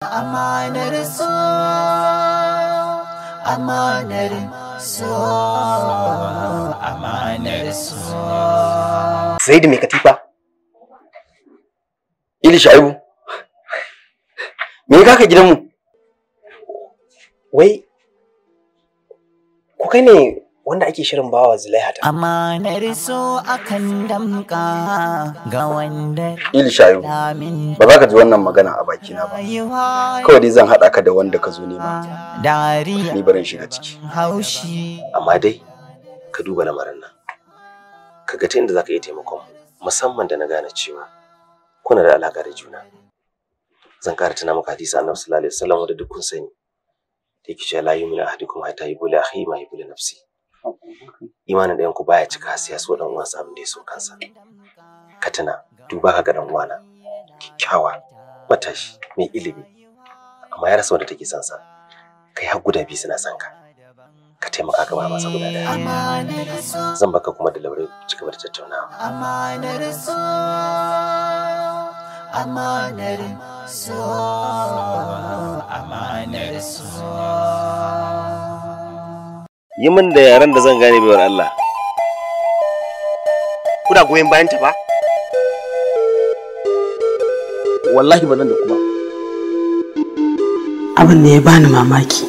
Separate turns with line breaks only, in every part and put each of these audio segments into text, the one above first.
Zaidi
mai
katifa? Ili sha'ibu? Me ka gidanmu? Wai, ku
kai ne wanda ake shirin bawa zulaiha ta
amma na riso akan damka ga
wanda il ba za ka ji wannan magana a bakina ba kawai dai zan haɗa ka da wanda ka zo nema ni barin shiga ciki
amma dai ka duba lamarin nan ka ga ta inda za ka iya taimakon musamman da na gane cewa kuna da alaƙa da juna zan ƙara tuna maka hadisi annabi sallallahu alaihi wasallam wanda duk sani da yake cewa la yu'minu ahadukum hatta yuhibbu akhihi ma yuhibbu nafsihi imanin ɗayan ku baya cika sai ya so dan uwansa abin da ya so kansa ka tuna duba ka ga dan uwana kyakkyawa matashi mai ilimi amma ya rasa wanda take son sa kai har guda biyu suna son ka ka taimaka ka
mama masa guda daya
zan baka kuma da laure cika da tattaunawa
amanar so amanar so amanar so
yi min da yaren da zan gane baiwar Allah kuna goyon bayan ta ba
wallahi ba nan da kuma
abin da ya bani mamaki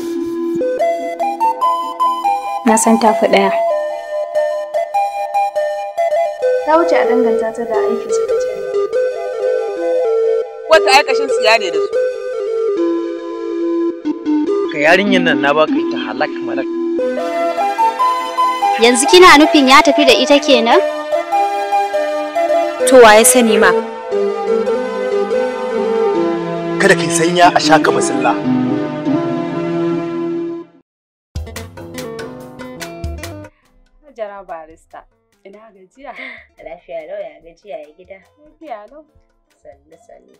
na san tafi ɗaya ta wuce a danganta
ta da aikin su wata aikashin su ne da su
ka yarinyar nan na baka ita halak malak
Yanzu kina nufin ya tafi da ita kenan?
To waye sani ma.
Kada ki sanya a shaka basilla.
Jara barista. Ina gajiya? Lafiya lau ya gajiya ya gida. Lafiya lau. Sannu sannu.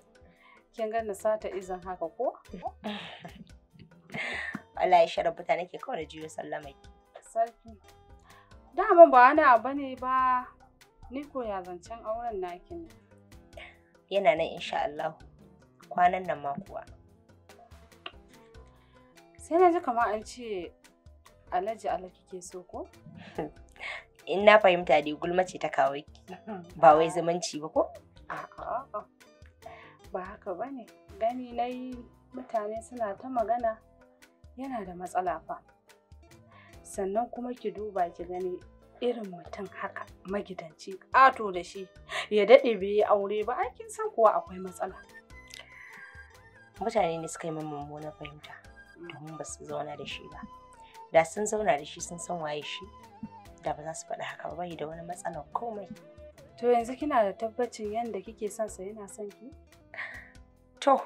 Kin ga na sata izan haka ko? Allah ya sharafuta nake kawai da jiyo sallama
Sarki. dama ba wani abu ne ba ni ko ya zancen
auren naki ne. Yana nan insha Allah kwanan nan ma kuwa.
Sai na ji kamar an ce Alhaji Allah kike so ko?
In na fahimta dai gulma ce ta kawo ki. Ba wai zumunci ba ko? A'a.
Ba haka bane. Gani nayi mutane suna ta magana yana da matsala fa. sannan kuma ki duba ki gani irin mutum haka magidanci ƙato da shi ya daɗe bai yi aure ba ai kin san kuwa akwai matsala mutane
ne suka yi min mummunar fahimta mm. domin ba su zauna da shi ba da sun zauna da shi sun san waye shi da ba za su faɗi haka ba da wani matsalar komai
to yanzu kina da tabbacin yadda kike son sa yana son ki
to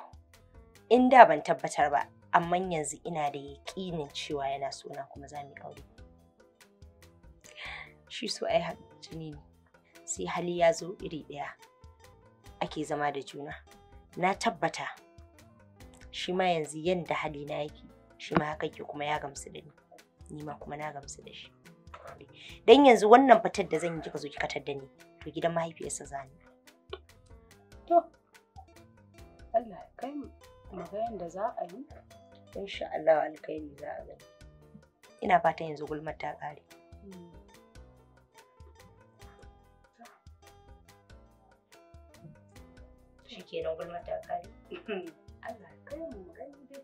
in da ban tabbatar ba amma yanzu ina da yaƙinin cewa yana sona kuma za mu aure shi so ai haɗu jini ne sai hali ya zo iri ɗaya ake zama da juna na tabbata shi ma yanzu yanda hali na yake shi ma haka ke kuma ya gamsu da ni ni ma kuma na gamsu da shi Don yanzu wannan fitar da zan yi kika zo ki katar da ni to gidan mahaifiyarsa za ni
to Allah kai mu mu ga za a yi insha Allah alkhairi za a gani
ina fatan yanzu gulmar ta ƙare hmm. shikenan gulmar ta kare
Allah kai mu gani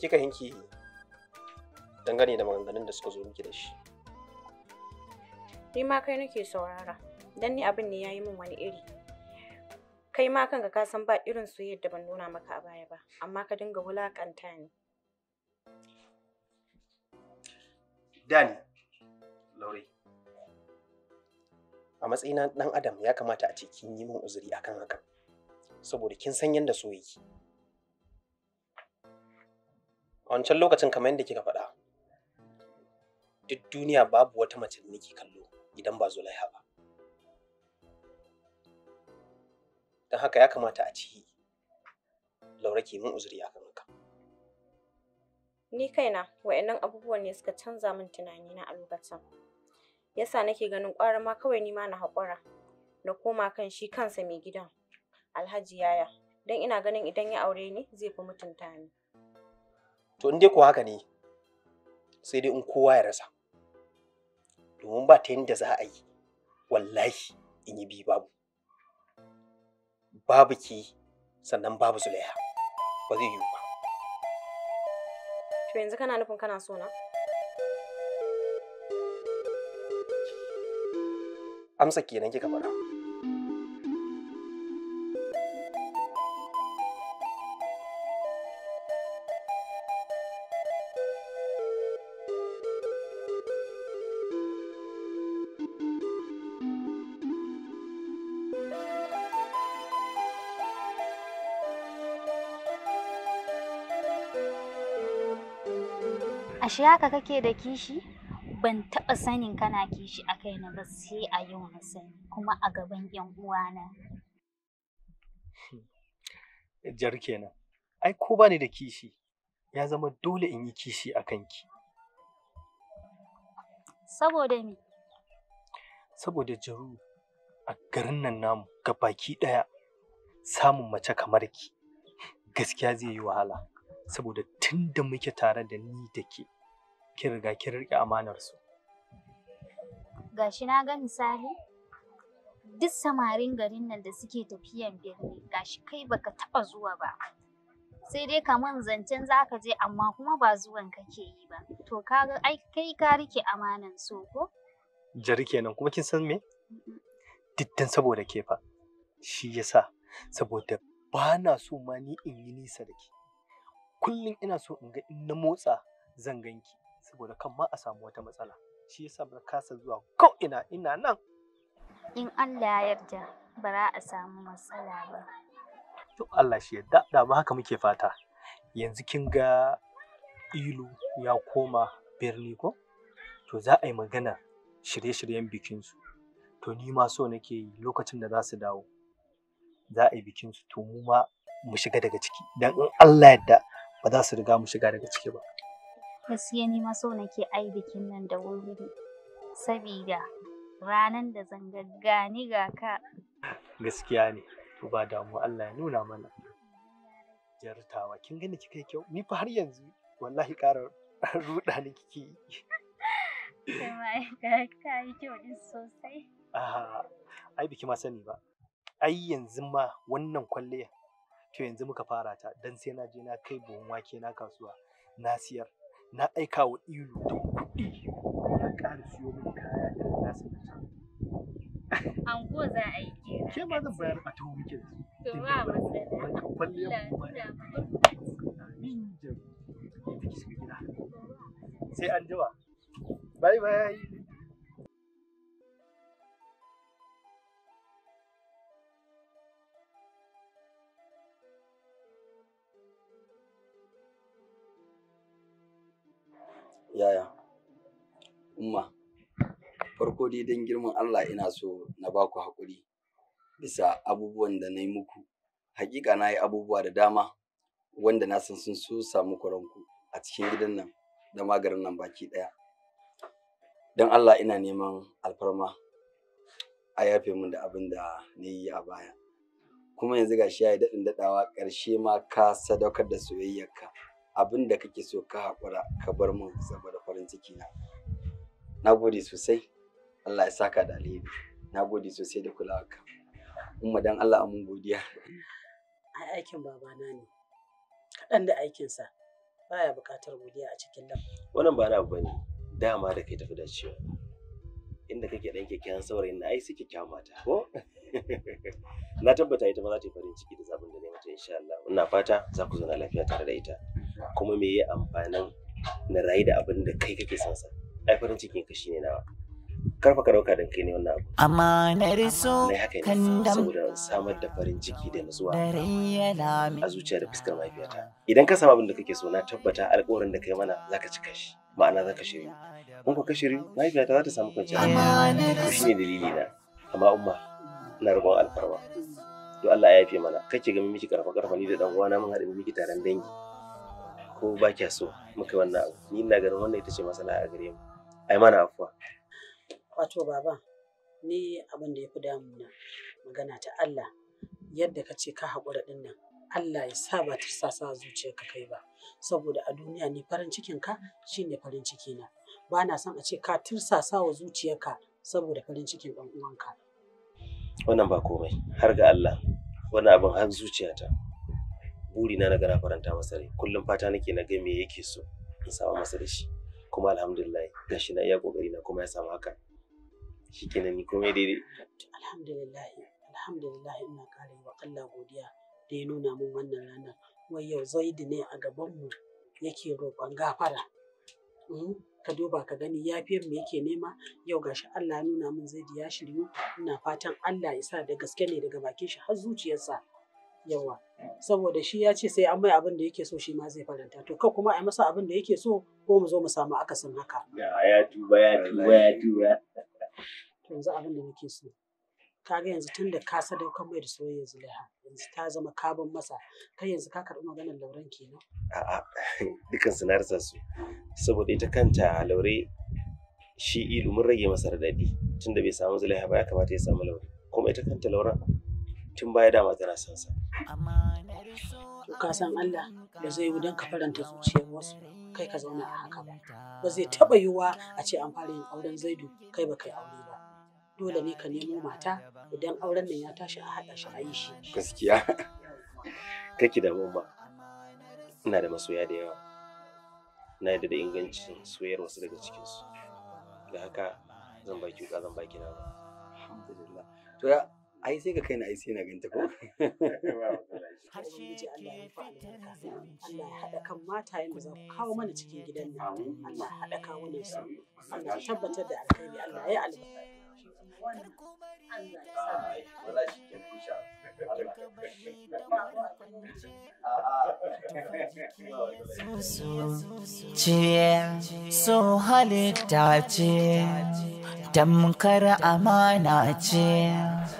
kika yanke dangane da maganganun da suka zo miki da shi
ni ma kai nake saurara dan ni abin ne yayi min wani iri kai ma kanka ka san ba irin su yadda ban nuna maka a baya ba amma ka dinga
wulakanta ni
dani laure a matsayina dan adam ya kamata a ce kin yi min uzuri akan hakan saboda kin san yadda so yake a wancan lokacin kamar yadda kika faɗa duk duniya babu wata mace da nake kallo idan ba zulaiha ba don haka ya kamata a ci laura ke min uzuri akan haka
ni kaina wa'annan abubuwan ne suka canza min tunani na a lokacin yasa nake ganin ƙwarar ma kawai ni ma na haƙura na koma kan shi kansa mai gidan alhaji yaya don ina ganin idan ya aure ni zai fi mutunta ni
to in dai ku haka ne sai dai in kowa ya rasa domin ba ta yadda za a yi wallahi in yi bi babu babu ki sannan babu zulaiha ba zai yiwu ba
to yanzu kana nufin kana so na
amsa kenan kika faɗa
ashe haka kake da kishi ban taɓa sanin kana kishi a kaina ba sai a yau na sani kuma a gaban yan uwana
hmm. jar kenan ai ko bani da kishi ya zama dole in yi kishi a kanki saboda me saboda jaru a garin nan namu ga baki ɗaya samun mace kamar ki gaskiya zai yi wahala saboda tun da muke tare da ni da ke riga ki riƙe amanar su
gashi na ga misali duk samarin garin nan da suke tafiyan birni gashi kai baka taɓa zuwa ba sai dai kaman zancen za ka je amma kuma ba zuwan kake yi ba to kaga ai kai ka rike amanan so ko
jari kenan kuma kin san me diddan saboda ke fa shi yasa saboda ba so ma ni in yi nisa da ke kullum ina so in ga in na motsa zan ki, saboda kan ma a samu wata matsala shi yasa ba kasa zuwa ko ina ina nan
in Allah ya yarda ba za a samu matsala ba
to Allah shi yarda da ma haka muke fata yanzu kin ga ilu ya koma birni ko to za a yi magana shirye-shiryen bikinsu to ni ma so nake yi lokacin da za su dawo za a yi bikinsu to mu ma mu shiga daga ciki dan in Allah yadda ba za su riga mu shiga daga ciki ba.
Gaskiya ni ma so nake ai bikin nan da wuri sabida ranan da zan gaggani ga ka.
Gaskiya ne, to ba damu Allah ya nuna mana. Jartawa, kin gani kika yi kyau, ni fa har yanzu wallahi ƙara ruɗa ni kike yi.
Ka yi kyau din sosai.
Ai biki ma sani ba, ai yanzu ma wannan kwalliyar to yanzu muka fara ta dan sai na je na kai buhun wake na kasuwa na siyar na aika wa ilu da kuɗi na ƙara siyo min kaya irin nasu na
An ko za a yi kenan. Ke
ma zan bayar a taho muke da su. To ba matsala. ba kwalle
mu ba.
Min jaru. Sai an jawa Bye bye.
Yaya, Umma, farko dai don girman Allah ina so na ba ku haƙuri bisa abubuwan da na yi muku. Hakika na yi abubuwa da dama wanda na san sun so samu ranku a cikin gidan nan da magarin nan baki ɗaya. Don Allah ina neman alfarma a yafe min da abin da na yi a baya. Kuma yanzu ga shi ya yi daɗin daɗawa ƙarshe ma ka sadaukar da soyayyarka. abin da kake so ka haƙura ka bar min saboda farin ciki na na gode sosai Allah ya saka da alheri na gode sosai da kulawa ka umma dan Allah mun godiya
ai aikin babana ne kaɗan da aikinsa baya buƙatar godiya a cikin nan
wannan ba abu bane dama da kai tafi dacewa inda kake ɗan kyakkyawan saurayin na ai sai kyakkyawan mata ko na tabbata ita ma za ta yi farin ciki da zabin da ne mata insha Allah ina fata za ku zauna lafiya tare da ita kuma me ya amfanin na rayu da abin da kai kake son sa ai farin cikin ka shine nawa karfa ka dauka dan kai ne wannan abu
amma na riso kan dam saboda
samar da farin ciki da nutsuwa
a
zuciya da fuskar mahaifiyata idan ka samu abin da kake so na tabbata alƙawarin da kai mana zaka cika shi ma'ana zaka shiri Kun ka shiryu mahaifiyata za ta samu kwanciyar shi ne dalili na amma umma ina roƙon alfarma to Allah ya yafe mana kake ga miki karfa karfa ni da dan uwana mun haɗu miki taron dangi ko ba kya so muka wannan abu ni ina ganin wannan ita ce masala a gare mu ai mana afuwa
wato baba ni abin da ya fi damuna magana ta Allah yadda ka ce ka haƙura ɗin nan Allah ya sa ba ta zuciyar ka kai ba saboda a duniya ni farin cikin ka shine farin ciki na ba na son a ce ka tirsasa wa zuciyarka saboda farin cikin ɗan uwanka
wannan ba komai har ga Allah wannan abin har zuciyata burina na gana faranta masa rai kullum fata nake na ga me yake so in samu masa da shi kuma alhamdulillah gashi na iya kokari na kuma ya samu haka shikenan ni komai daidai
alhamdulillah alhamdulillah ina kare wa Allah godiya da ya nuna min wannan ranar wai yau zaidi ne a gaban mu yake roƙon gafara hmm? ka duba ka gani yafiyar mu yake nema yau gashi Allah ya nuna min zaidi ya shirye ina fatan Allah ya sa da gaske ne daga bakin shi har zuciyarsa yawa saboda shi ya ce sai an mai abin da yake so shi ma zai faranta to kai kuma a masa abin da yake so ko mu zo mu samu akasin haka
ya tuba ya tuba ya tuba
to yanzu abin da nake so kaga yanzu tunda ka sadaukar mai da soyayya zulaiha yanzu ta zama kabon masa kai yanzu ka karɓi maganar lauren kenan
a'a dukan su na rasa su saboda ita kanta laure shi ilu mun rage masa radadi tunda bai samu zulaiha ba ya kamata ya samu laure kuma ita kanta lauren tun baya dama tana son sa
to ka san Allah da zai yi don ka faranta zuciyar wasu kai ka zauna a haka ba ba zai taba yiwuwa a ce an fara yin auren zaidu kai ba kai aure ba dole ne ka nemo mata idan auren nan ya tashi a haɗa shi
a yi shi gaskiya kake da ba. ina da masoya da yawa na yadda da ingancin soyayyar wasu daga cikinsu da haka zan baki ka zan baki na ba alhamdulillah
to ya ai sai ka kai na ai na ganta ko
harshe ke fitar Allah ya haɗa kan mata yanda za ku kawo mana cikin gidan nan Allah ya haɗa kawo ne su Allah ya tabbatar da alkhairi Allah ya albarka
Ciye so halitta ce, tamkar amana ce.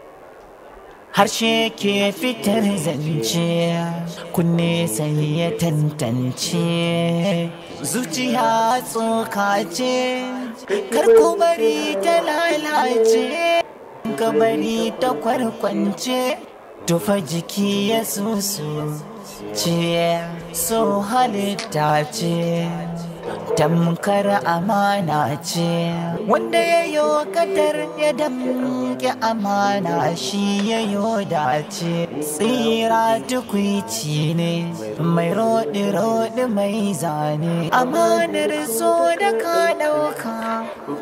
harshe ke fitar zance kunne sai ya tantance zuciya tsoka ce karko bari ta lalace gabari ta kwarkwance tufa jiki ya susu ce so halitta ce tamkar amana ce wanda ya yi kadar ya damke amana shi ya yi dace tsira tukwici ne mai roɗi-roɗi mai zane amanar so da ka ɗauka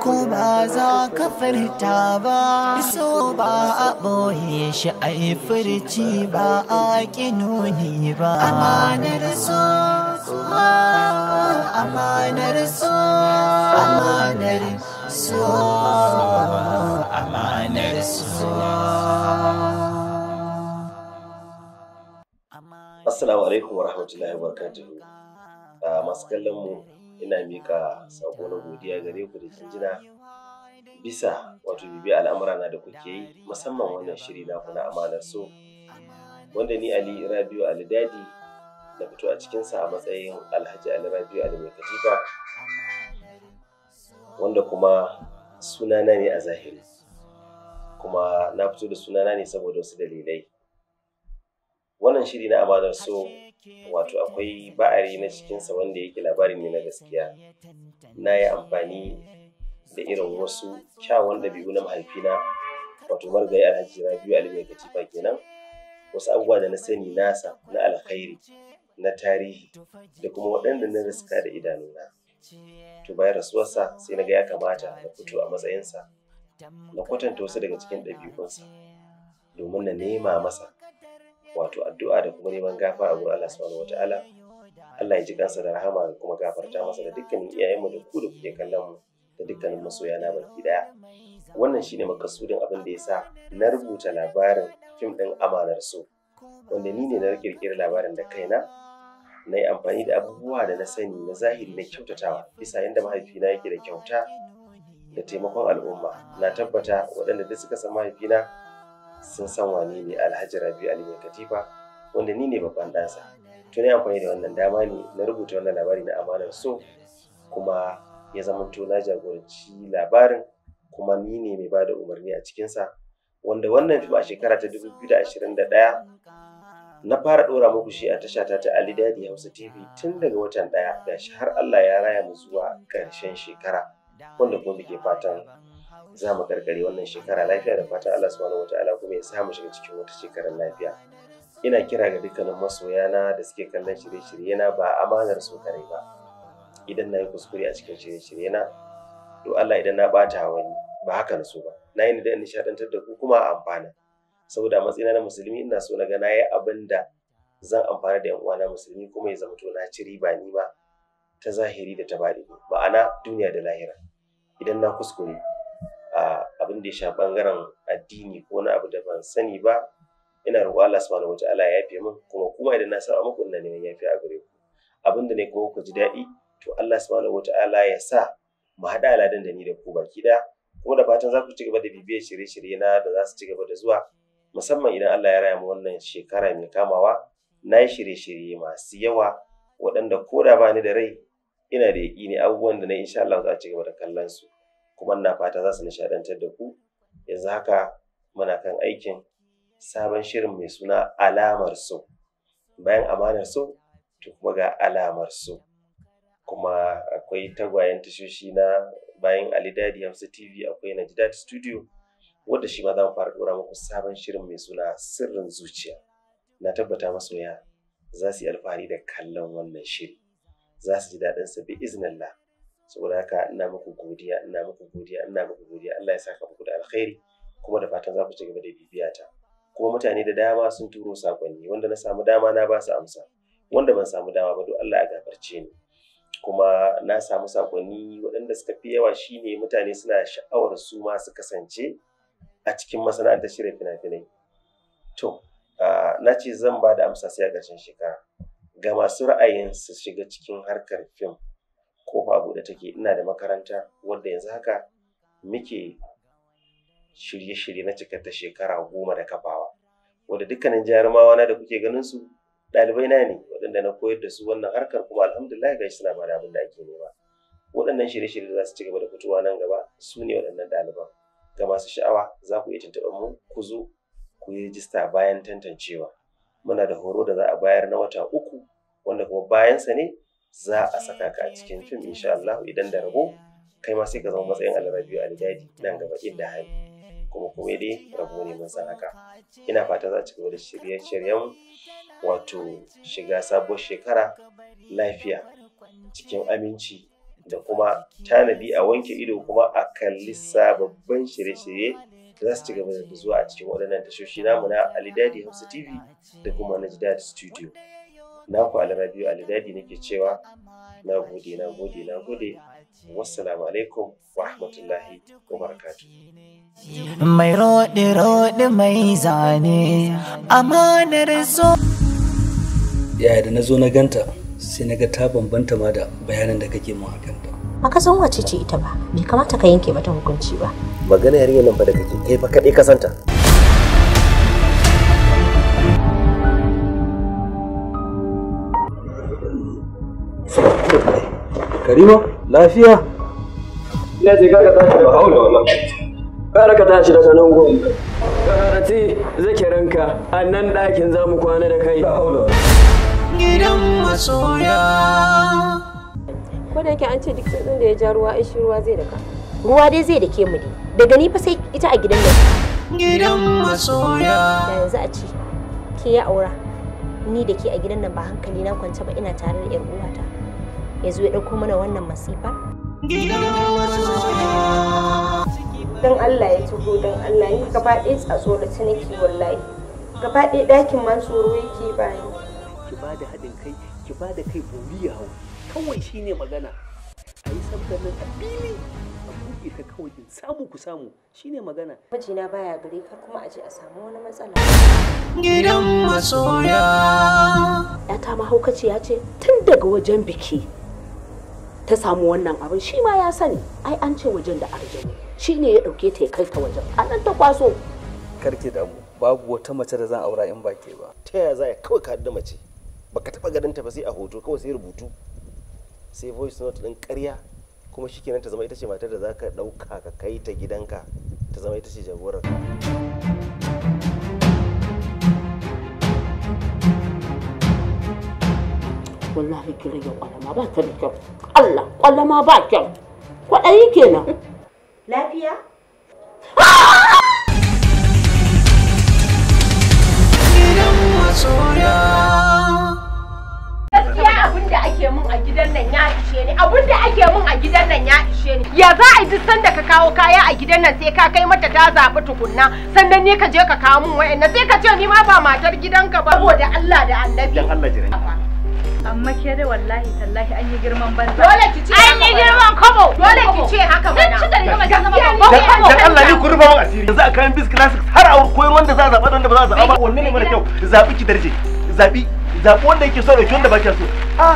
ko ba za ka furta ba so ba a boye shi a yi furci ba a ƙinoni ba amanar so amanar so amanar so amanar so Assalamu
alaikum wa rahmatullahi wa ah, masu kallon mu ina mika sako na godiya gare ku da jinjina bisa wato bibiya al'amura na da kuke yi musamman wannan shiri na kuna amanar so wanda ni ali rabiu alidadi na fito a cikinsa a matsayin alhaji ali rabiu ali mai katifa wanda kuma sunana ne a zahiri kuma na fito da sunana ne saboda wasu dalilai wannan shiri na amanar so wato akwai ba'ari na cikinsa wanda yake labari ne na gaskiya na yi amfani da irin wasu kyawun ɗabi'u na mahaifina wato margayi alhaji rabiu alimai katifa kenan wasu abubuwa da na sani nasa na alkhairi na tarihi da kuma waɗanda na riska da idanuna to bayan rasuwarsa sai na ga ya kamata na fito a matsayinsa na kwatanta wasu daga cikin ɗabi'unsa domin na nema masa wato addu'a da kuma neman gafara gurin Allah subhanahu wataala Allah ya ji kansa da rahama da kuma gafarta masa da dukkanin iyayenmu da ku da kuke kallon mu da dukkanin masoya na baki daya wannan shine makasudin abin da ya sa na rubuta labarin fim din amanar so wanda ni ne na kirkiri labarin da kaina na yi amfani da abubuwa da na sani na zahiri na kyautatawa bisa yadda mahaifina yake da kyauta da taimakon al'umma na tabbata waɗanda da suka san mahaifina sun san wane ne alhaji rabi ali mai katifa wanda ni ne babban ɗansa to ne amfani da wannan dama ne na rubuta wannan labari na amanar so kuma ya zama to na jagoranci labarin kuma ni ne mai ba da umarni a cikinsa wanda wannan fim a shekara ta 2021 na fara ɗora muku shi a tasha ta ta Ali Dadi Hausa TV tun daga watan ɗaya gashi har Allah ya raya mu zuwa ƙarshen shekara wanda kuma muke fatan za mu karkari wannan shekara lafiya da fatan Allah subhanahu wataala kuma ya samu shiga cikin wata shekarar lafiya ina kira ga dukkanin masoyana da suke kallon shirye-shirye na ba amanar su kare ba idan na yi kuskure a cikin shirye-shirye na to Allah idan na bata wani ba haka na so ba na yi da nishadantar da ku kuma a amfana saboda matsayina na musulmi ina so na ga na yi abin da zan amfana da yan uwana musulmi kuma ya zama to na ci riba ni ba" ta zahiri da ta baɗi ma'ana duniya da lahira idan na kuskure abin da ya shafi bangaren addini ko na abu da ban sani ba ina roƙo Allah subhanahu wataala ya yafe min kuma kuma idan na saba muku ina neman yafe a gare ku abin da ne kuma ku ji daɗi to Allah subhanahu wataala ya sa mu haɗa aladun da ni da ku baki ɗaya kuma da fatan za ku ci gaba da bibiyar shirye-shirye na da za su ci gaba da zuwa musamman idan Allah ya raya mu wannan shekara mai kamawa na yi shirye-shirye masu yawa waɗanda ko da ba ni da rai ina da ne abubuwan da na insha Allah za a ci gaba da kallon su kuma ina fata za su nishadantar da ku yanzu haka muna kan aikin sabon shirin mai suna alamar so bayan amanar so to kuma ga alamar so kuma akwai tagwayen tashoshi na bayan alidadi hamsa tv akwai najidat studio wadda shi ma za mu fara dora muku sabon shirin mai suna sirrin zuciya na tabbata masoya za su yi alfahari da kallon wannan shiri za su ji daɗinsa bi iznillah saboda haka ina muku godiya ina muku godiya ina muku godiya Allah ya saka muku da alkhairi kuma da fatan za ku ci gaba da bibiyata kuma mutane da dama sun turo sakonni wanda na samu dama na ba su amsa wanda ban samu dama ba don Allah ya gafarce ni kuma na samu sakonni waɗanda suka fi yawa shine mutane suna sha'awar su ma su kasance a cikin masana'antar shirin fina-finai to na ce zan ba da amsa sai a ƙarshen shekara ga masu ra'ayin su shiga cikin harkar fim kofa a buɗe take ina da makaranta wadda yanzu haka muke shirye-shirye na cikar ta shekara goma da kafawa wadda dukkanin jarumawa na da kuke ganin su ɗalibai na ne waɗanda na koyar da su wannan harkar kuma alhamdulillah ga suna ba da abin da ake nema waɗannan shirye-shirye za su ci gaba da fitowa nan gaba su ne waɗannan ɗaliban ga masu sha'awa za ku iya tuntuɓar mu ku zo ku yi rijista bayan tantancewa muna da horo da za a bayar na wata uku wanda kuma bayansa ne za a saka ka a cikin fim insha Allah idan da rabo kai ma sai ka zama matsayin alrabiyu aljadi nan gaba inda hali kuma kuma dai rabo ne mun san haka ina fata za a ci gaba da shirye-shiryen wato shiga sabuwar shekara lafiya cikin aminci da kuma tanadi a wanke ido kuma a kalli sababbin shirye-shirye za su ci gaba da zuwa a cikin waɗannan tashoshi namu na alidadi hausa tv da kuma na studio naku alrabiu alidadi nake cewa na gode na gode na gode wassalamu alaikum wa rahmatullahi wa barakatu
mai rode rode mai zane amanar zo
yaya da na zo na ganta sai na ga ta bambanta ma da bayanan da kake mun akan ta
baka san wace
ce ita ba bai kamata ka yanke mata hukunci ba
magana yarinya nan ba da kake kai fa kadai ka santa Karima, lafiya? Ina ce kaka tashi da haula wannan. Kara ka tashi daga nan gobe.
Karati zakiranka a nan ɗakin za mu kwana da kai.
Gidan masoya. Ko da yake an ce duk tsirrin da ya ja ruwa ishi ruwa zai daka. Ruwa dai zai dake mu ne. Daga ni fa sai ita a gidan nan. Gidan masoya. Da yanzu a ce ke ya aura. Ni da ke a gidan nan ba hankali na kwance ba ina tare da 'yar uwata. ya zo ya ɗauko mana wannan masifa? Don Allah ya tugu don Allah ya gaba ɗaya tsatso da ta nake wallahi. Gaba ɗaya ɗakin ma tsoro yake ni. Ki ba da haɗin kai, ki ba da kai bori ya hau. Kawai shi ne magana. A yi sabgar nan a fili. A buɗe ta kawai in samu ku samu shi ne magana. Majina baya gare ka kuma a je a samu wani matsala.
Gidan masoya.
Ya ta mahaukaciya ce tun daga wajen biki. ta samu wannan abin shi ma ya sani ai an ce wajen da arjani shi ne ya ɗauke ta ya kai ta wajen a nan ta kwaso
karki damu babu wata mace da zan aura in ba ba
ta yaya za ya kawai ka da mace baka taba ganin ta ba sai a hoto kawai sai rubutu sai voice note din ƙarya kuma shikenan ta zama ita ce matar da zaka ɗauka ka kai ta gidanka ta zama ita ce jagorar ka
wallahi ki rage kwalama ba ta da kyau Allah kwalama ba kyau kwaɗayi kenan
lafiya gaskiya abin da ake mun a gidan nan ya ishe ni abin da ake mun a gidan nan ya ishe ni ya za a yi duk sanda ka kawo kaya a gidan nan sai ka kai mata ta zaɓi tukunna sannan ne ka je ka kawo mun wa'annan sai ka ce ni ma ba matar gidanka ba saboda Allah da annabi dan Allah amma ke dai wallahi tallahi an yi girman banza dole ki ce an yi girman kobo dole ki ce haka mana ci da rigama ta zama babban kobo dan Allah ne ku rufa
mu asiri yanzu a kan bis classics har a
koyar wanda za a zaba wanda ba za a zaba ba wanne ne mara kyau zabi ki darje zabi zabi wanda yake so da wanda ba kya so ah